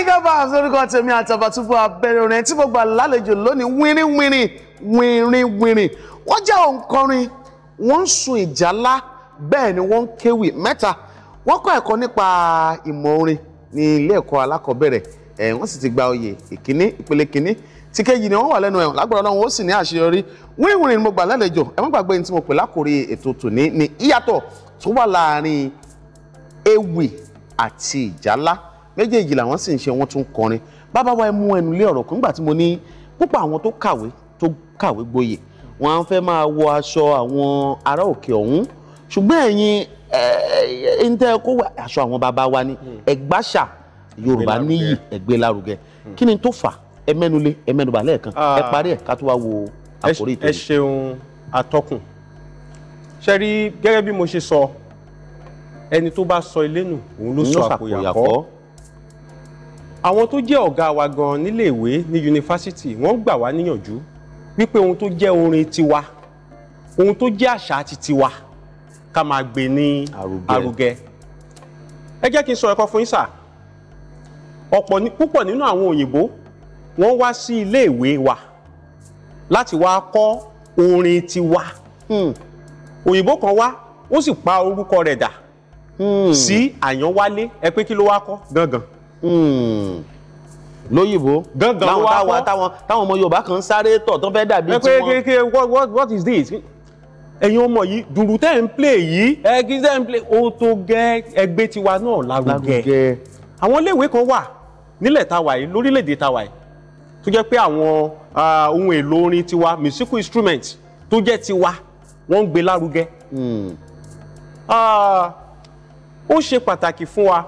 Yinka Barnes lórúkọ tèmi àtàbàtúbú abẹ́rẹ́ orin tí mo gbà lálejò lónìí wínrínwínrín wínrínwínrín wọ́n jẹ́ òǹkọrin wọ́n ń sun ìjálá bẹ́ẹ̀ ni wọ́n ń kéwì mẹ́ta wọ́n kọ́ ẹ̀kọ́ nípa ìmọ̀ orin ní ilé ẹ̀kọ́ alákọ̀ọ́bẹ̀rẹ̀ ẹ̀ wọ́n sì ti gba oyè ìkíní ìpele kíní ti kejì ni wọ́n wà lẹ́nu ẹ̀wọ̀n lágbára Ọlọ́run ó sì ní àṣeyọrí wínrínwínrín ni mo gbà lálejò ẹ má gbàgbé ní tí mo pè lákòrí ètò tòní ni ìyàtọ̀ tó wà láàárín ewì àti ìjálá méjèèjì làwọn sì ń ṣe wọ́n tún kọrin bàbá wa mú ẹnu lé ọ̀rọ̀ kan nígbà tí mo ní púpọ̀ àwọn tó kàwé tó kàwé gboyè wọn á fẹ́ máa wọ aṣọ àwọn ará òkè ọ̀hún ṣùgbọ́n ẹ̀yin ń kó wà aṣọ àwọn bàbá wa ni hmm. ẹ̀gbáṣà yorùbá níyì ẹ̀gbẹ́ lárugẹ hmm. kí ni tó fà ẹ mẹ́nulé ẹ mẹ́nubà lẹ́ẹ̀kan ah. ẹ parí ẹ̀ ká tó wá wo àkórí ìtòlú. ẹ ṣeun atọ́kùn ṣe gẹ́gẹ́ bí mo ṣe sọ ẹni tó bá sọ ilé nù òun ló sọ àpòyàkọ́ àwọn tó jẹ́ ọ̀gá wa gan nílé ìwé ní yunifásitì wọ́n gbà wá níyànjú wípé ohun tó jẹ́ orin tiwa ohun tó jẹ́ àṣà ti tiwa ká máa gbé ní arugẹ ẹ jẹ́ kí n sọ ẹ̀kọ́ fún yín sà ọ̀pọ̀ púpọ̀ nínú àwọn òyìnbó wọ́n wá sí ilé wa láti wá kọ́ orin tiwa hmm. òyìnbó kan wá ó sì pa orúkọ rẹ̀ dà hmm. sí Àyànwálé ẹ pé kí ló wá kọ́ gangan. Hmm. lóyìnbó gangan wa kọ táwọn táwọn ọmọ yorùbá kan sáré tọ̀ tó fẹ́ dàbí tiwọn. ẹ pé kí what what is this ẹ̀yin ọmọ yìí dùrù tẹ́ ń play yìí ẹ kí tẹ́ ń play ó tó gẹ́ ẹgbẹ́ tiwa náà lárugẹ àwọn iléèwé kan wà nílẹ̀ tàwa yìí lórílẹ̀‐èdè tàwa yìí tó jẹ́ pé àwọn ohun èlò orin tiwa musical instrument tó jẹ́ tiwa wọ́n ń gbé lárugẹ hmm. ó ṣe pàtàkì fún wa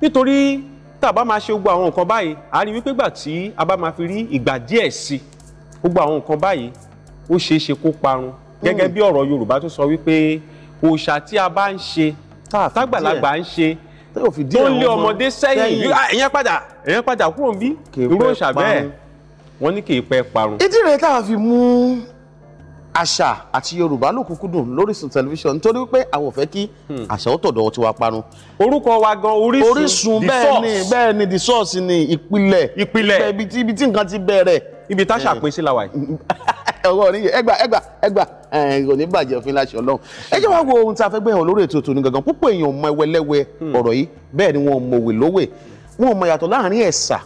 nítorí tá a bá máa ṣe gbogbo àwọn nǹkan báyìí a rí wípé gbà tí a bá máa fi rí ìgbà díẹ̀ sí gbogbo àwọn nǹkan báyìí ó ṣeé ṣe kó parun gẹ́gẹ́ hmm. bí ọ̀rọ̀ Yorùbá tó sọ wípé òòṣà tí a bá ń ṣe tágbàlagbà ń ṣe tó ń lé ọmọdé sẹ́yìn ah, ìyẹn padà ìyẹn padà kúrò ń bí irú òòṣà bẹ́ẹ̀ wọ́n ní kì í pẹ́ parun. ìdí rẹ̀ tá a fi mú àṣà àti yorùbá ló kúkú dùn lóríṣun tẹlifíṣàn nítorí wípé àwọn ò fẹ́ kí hmm. àṣà ó tọ̀dọ̀ tiwa parun. orúkọ wa gan orísun orísun bẹ́ẹ̀ bẹ́ẹ̀ ni the source ni ìpìlẹ̀ ìpìlẹ̀ ibi tí nǹkan ti bẹ̀rẹ̀. ibi tá ṣàpè hmm. sí la wà yìí. ọwọ́ oníyẹ ẹgbà ẹgbà ẹgbà kò ní bàjẹ́ òfin láṣẹ ọlọ́run. ẹ jẹ́ wàá wo ohun tí a fẹ́ gbé hàn lórí ètò tòní gangan púpọ̀ èèyàn mọ ẹwẹ́lẹ́wẹ́ hmm. ọ̀rọ̀ yìí bẹ́ẹ̀ ni wọ́n mọ̀wé lówè wọ́n mọ yàtọ̀ láàrin ẹ̀sà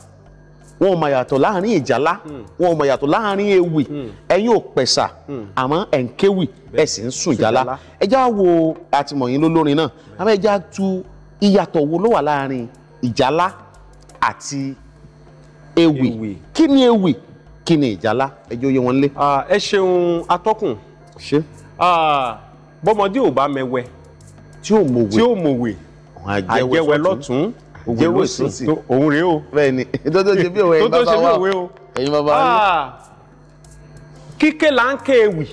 wọn ò mọ yàtọ̀ láàrin ìjálá hmm. wọn ò mọ yàtọ̀ láàrin ewì hmm. ẹ̀yin ò pẹ̀sà hmm. àmọ́ ẹ̀ ń kéwì ẹ̀ sì ń sùn jálá ẹja wo àtìmọ̀yìn lólórin náà àmọ́ ẹja tu ìyàtọ̀ wo ló wà láàrin ìjálá àti ewì kí ni ewì kí ni ìjálá ẹjọ́ yẹ wọn lé. ẹ ṣeun atọ́kùn ṣe bọ́mọdé ò bá mẹwẹ tí ò mọ̀wé tí ò mọ̀wé àjẹwẹ lọ́tún jẹ́wọ́ ìsúnsì òun rèé o. bẹ́ẹ̀ni tó tó ṣe bí òwe yìí bàbá wa ẹ̀yin bàbá wa. Ah! kíké là ń kéwì.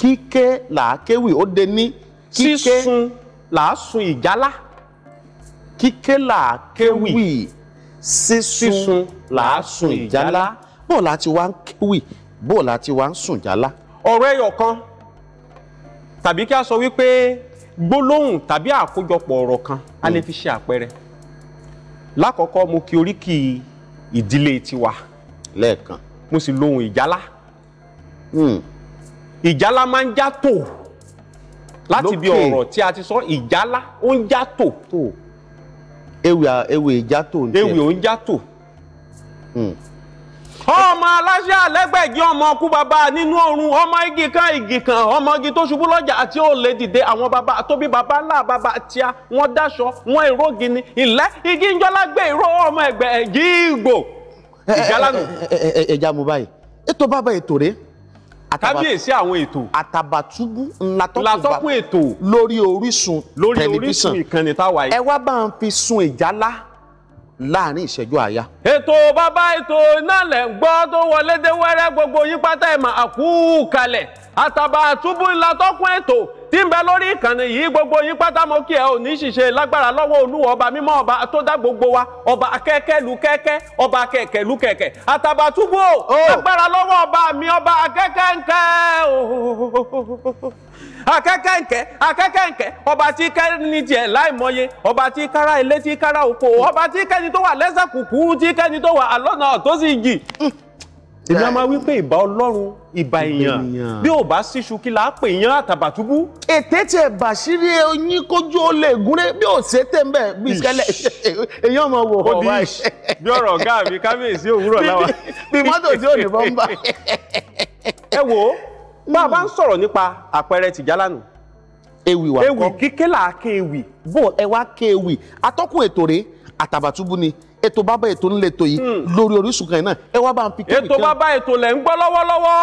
kíké là á kéwì ó de ní. sísun là á sun ìjálá. kíké là á kéwì. sísun là á sun ìjálá. bóòlù àti wa ń kéwì bóòlù àti wa ń sùn jálá. ọ̀rọ̀ ẹyọ kan tàbí kí a sọ wípé gbólóhùn tàbí àkójọpọ̀ ọ̀rọ̀ kan a lè hmm. fi ṣe àpẹẹrẹ lákọ̀ọ́kọ́ mo kí oríkì ìdílé tiwa. lẹ́ẹ̀kan. mo sì lohun ìjálá. Hmm. ìjálá máa ń já tò láti bí ọ̀rọ̀ tí a ti sọ ìjálá ó ń já tò. ewì ìjá tò. ewì ó ń já tò. Hmm ọmọ aláṣẹ àlẹgbẹgì ọmọ ọkú bàbá nínú ọrùn ọmọ igi kan igi kan ọmọ igi tó ṣubú lọ́jà àti òòlè dìde àwọn bàbá tóbi bàbá ńlá bàbá tíá wọn dáṣọ wọn èrò gini ilẹ igi ńjọlá gbé ìró ọmọ ẹgbẹ ẹjì ìgbò ìjálànà. ẹja mo báyìí ètò bàbá ètò rèé kábíyèsí àwọn ètò àtàbàtúbú ńlatọ́kùn ètò lórí Orísun tẹlifíṣàn lórí Orísun ìkànnì táwa yìí ẹ wá bá ń fi sun ìjálá láàrin ìṣẹ́jú àáyá. ètò bàbá ètò iná lẹ̀ ń gbọ́ tó wọlé dé wẹ́rẹ́ gbogbo yín pátá ẹ̀ mà àkú kalẹ̀ àtàbà àtúbù ìlàtọ́kùn ètò tí ń bẹ lórí ìkànnì yìí gbogbo yín pátá mo kí ẹ ò ní ṣìṣe lágbára lọ́wọ́ olúwa ọba mímọ́ ọba tó dá gbogbo wa ọba akẹ́kẹ́lu kẹ́kẹ́ ọba kẹ̀kẹ́lu kẹ̀kẹ́ àtàbà túbú oh. lágbára lọ́wọ́ ọba mi ọba akẹ́kẹ́ ń kẹ́ oh akẹ́kẹ́ ǹkẹ́ akẹ́kẹ́ ǹkẹ́ ọba tí kẹ́ ní tiẹ̀ láìmọye ọba tí kára ilé tí kára oko ọba tí kẹ́ni tó wà lẹ́sẹ̀ kùkú tí kẹ́ni tó wà alọ́nà tó sì èmi a máa wí pé ìbà ọlọ́run ìbà èèyàn bí ò bá síṣu kí la pè yán àtàbàtúbú. ètè tiẹ̀ bàṣírí oyin kójú ó lè gúnrẹ́ bí ò ṣe tẹ̀ ń bẹ̀ bí ìṣẹ̀lẹ̀ èèyàn máa wò ó wáyé. bí ọ̀rọ̀ ọ̀gá mi kábíyèsí òwúrọ̀ láwa. bí mọ́tò tí ò ní bọ́ ń bá. ẹ wo bá a bá ń sọ̀rọ̀ nípa àpẹẹrẹ tìjálánù ewì wà kọ́ ewì kíké là á ké ewì. bó ẹ wá ké ewì atọ́kùn ètò rèé àtàbàtúbú ni ètò bàbá ètò ńlẹ̀ ètò yìí hmm. lórí Orísun kan náà ẹ wá bá ń fi kéwì kan. ètò bàbá ètò lẹ̀ ń gbọ́ lọ́wọ́lọ́wọ́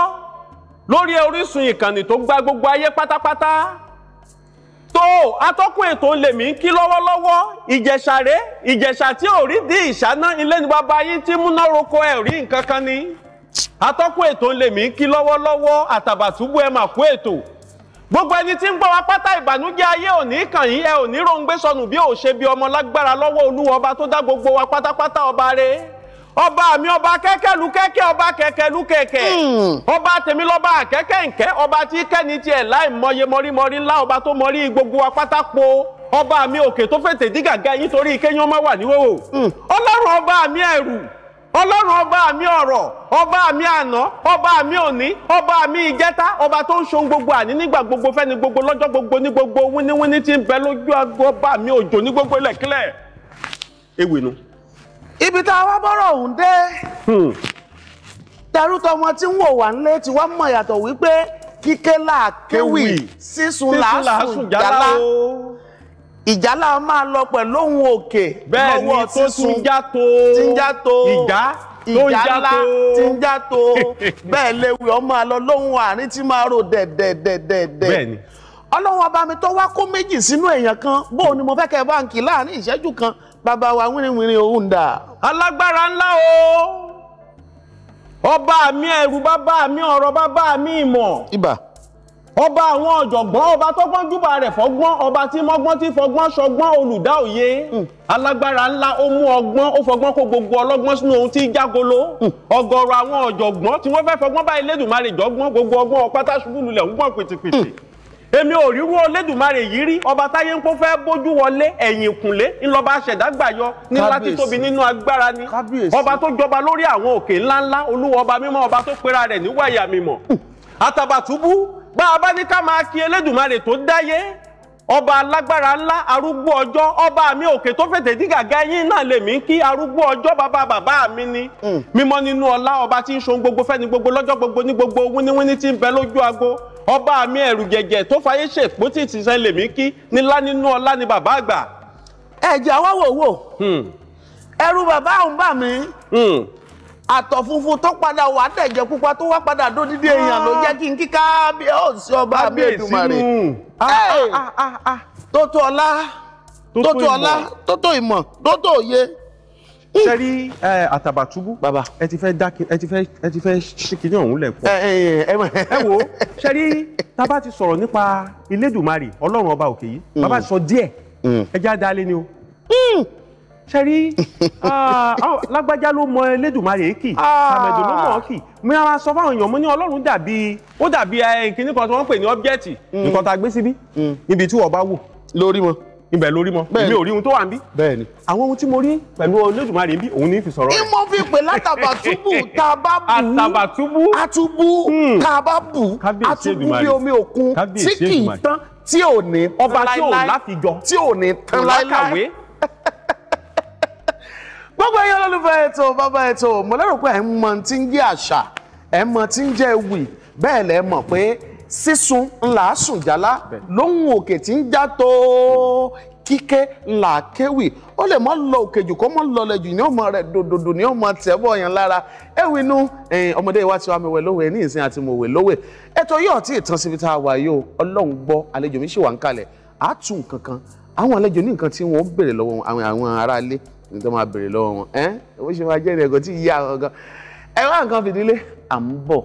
lórí Orísun ìkànnì tó gba gbogbo ayé pátápátá tó atọ́kùn ètò ńlẹ̀ mí ń kí lọ́wọ́lọ́wọ́ ìjẹ̀ṣà rèé ìjẹ̀ṣà tí ò rí di ìṣáná ilé ní bàbá yín tí múná roko ẹ̀ rí nǹkan kan ni. atọ́kùn ètò ń lèmi ń kí lọ́wọ́lọ́wọ́ àtàbàtúbú ẹ mà kú ètò gbogbo ẹni tí ń gbọ́ wa pátá ìbànújẹ́ ayé òní kàn yín ẹ òní ròǹgbé sọnù bí ò ṣe bí ọmọ lágbára lọ́wọ́ olúwa ọba tó dá gbogbo wa pátápátá ọba rẹ̀ ọba mi ọba kẹkẹlu kẹkẹ ọba kẹkẹlu kẹkẹ hmm. ọba tèmi lọba àkẹkẹ nkẹ ọba tí kẹni tiẹ láì mọye mọrímọrí ńlá ọba tó mọrí gbogbo wa po ọba mi òkè tó fètè dígàgá yín torí kéyàn má wà níwòwò hmm. ọlọ́run ọba mi ẹ̀rù ọlọ́run ọba mi ọ̀rọ̀ ọba mi àná ọba mi òní ọba mi ìjẹta ọba tó ń ṣohun gbogbo àní nígbà gbogbo fẹ́ni gbogbo lọ́jọ́ gbogbo ní gbogbo wíníwíní tí ń bẹ lójú ago ọba mi òjò ní gbogbo ilẹ̀kílẹ̀ ewì nu. ibi tá a wá bọ́rọ̀ ọ̀hún dé darútọ hmm. ọmọ tí ń wò wá nílé tí wọ́n mọ̀ yàtọ̀ wípé kíké làákéwì sísun làásùn jálá ìjálá máa lọ pẹ̀lú ohun òkè lọ́wọ́ sísun tí ń já tó ìjà ìjálá tí ń já tó bẹ́ẹ̀ léwu ọmọ àlọ́ lóhun àárín tí máa rò dẹ̀dẹ̀dẹ̀dẹ̀ ọlọ́run ọba mi tó wá kó méjì sínú èèyàn kan bóun ni mo fẹ́ kẹ́ báǹkì láàrin ìṣẹ́jú kan bàbá wa wínrinwínrin òun dà. alágbára ńlá o ọba mi ẹrù bàbá mi ọ̀rọ̀ bàbá mi ìmọ̀. ibà ọba àwọn ọ̀jọ̀gbọ́n ọba tó pọ́n júbà rẹ̀ fọ́gbọ́n ọba tí mọ́gbọ́n tí fọgbọ́n ṣọgbọ́n olùdá òye hmm. alágbára ńlá ó mú ọgbọ́n ó fọgbọ́n kó gbogbo ọlọ́gbọ́n sínú ohun tí jágolo hmm. ọ̀gọ̀rọ̀ àwọn ọ̀jọ̀gbọ́n tí wọ́n fẹ́ fọgbọ́n bá Elédùmarè jọgbọ́n gbogbo ọgbọ́n ọpátá ṣubú lulẹ̀ ń gbọ̀n pìtìpìtì hmm. èmi ò ríru Olódùmarè yìí rí ọba táyé ń kó fẹ́ bójú wọlé ẹ̀yìn ìkùnlé ńlọba àṣẹ̀dágbàyọ ní láti tóbi nínú agbára ni ọba tó jọba lórí àwọn òkè ńláńlá olúwa ọba mímọ́ ọba tó pera rẹ̀ níwáyà mímọ́ Àtàbàtúbú bá a bá ní ká máa kí Elédùmarè tó dáyé ọba alágbára ńlá arúgbó ọjọ ọba mi òkè tó fètè dí gàgá yín náà lèmi kí arúgbó ọjọ bàbá bàbá mi ni hmm. mímọ́ nínú ọlá ọba tí ń ṣohun gbogbo fẹ́ni gbogbo lọjọ gbogbo ní gbogbo wíníwíní tí ń bẹ lójú ago ọba mi ẹ̀rù jẹ̀jẹ̀ tó fayé ṣèpó tí ti sẹ́ lèmi kí nílá nínú ọlá ni bàbá àgbà. ẹ̀jẹ̀ wá wò wò hmm. ẹ̀rù bàbá òun bà mí hmm. àtọ̀ funfun tó padà wà tẹ̀jẹ̀ pupa tó wá padà dó dídé èèyàn ló jẹ́ kí n kí kábíyèsí ọba abẹ́ẹ̀dùmarè tó tó ọlá tó tó ọlá tó tó ìmọ̀ tó tó òye. ṣe rí àtàbàtúbú bàbá ẹ ti fẹ́ dákin ẹ ti fẹ́ ẹ ti fẹ́ ṣìkìní ọ̀hún lẹ̀kọ́. ẹ wo ṣe rí tá a bá ti sọ̀rọ̀ nípa ilédùmarè ọlọ́run ọba òkè yìí mm. bàbá sọ díẹ̀ mm. ẹ já dalé ni o. Mm ṣẹ́rí ah, oh, lágbájá ló mọ Elédùmarè kì àmẹ̀dùn ah. ló mọ̀ ọ́ kì mi ara sọ fáwọn èèyàn mo ní Ọlọ́run dàbí ó dàbí eh, kíní kan tí wọ́n ń pè ní ọ́bjẹ́tì mm. nǹkan tá a gbé síbí mm. níbi tí wọ́n bá wò lórí mọ ibẹ̀ lórí mọ mi ò rí ohun tó wà ń bí bẹ́ẹ̀ni àwọn ohun tí mo rí pẹ̀lú Elédùmarè ń bí òun ní fi sọ̀rọ̀ rẹ̀. ìmọ̀ fi pè látàbàtúbù tá a bá bù ú àtàbàtúbù àtúbù hmm. tá a bá bù ú àtúbù bí omi òkun tí kì í tán tí ò ní ọba tí ò láfijọ tí ò ní tán láìláì gbogbo ẹ̀yin olólùfẹ́ ètò bàbá ètò mo lérò pé ẹ̀ ń mọ tí ń jẹ́ àṣà ẹ̀ mọ tí ń jẹ́ ewì bẹ́ẹ̀ lẹ́ mọ̀ pé sísun ńlá sùn jálá lóhun òkè tí ń já tó kíké ńlá kéwì ó lè mọ lọ òkè jù kó mọ lọlẹ jù ní ọmọ rẹ dòdòdò ní ọmọ tẹbọ yẹn lára ewì inú ọmọdé wa ti wá mi wẹ lówe ní ìsìn àti mòwe lówe ètò yìí ọtí ìtàn síbi tá a wà yìí o Ọlọ́run gbọ́ àlejò mi ṣì wà ń kalẹ̀ àtún kankan àwọn àlejò ní nǹkan tí wọn ó béèrè lọ́wọ́ àwọn aráalé ní tó máa béèrè lọ́wọ́ wọn ẹ́ bó ṣe máa jẹ́ ìrìn tí yíyá ọ̀gán ẹ wá nǹkan fìdílé à ń bọ̀.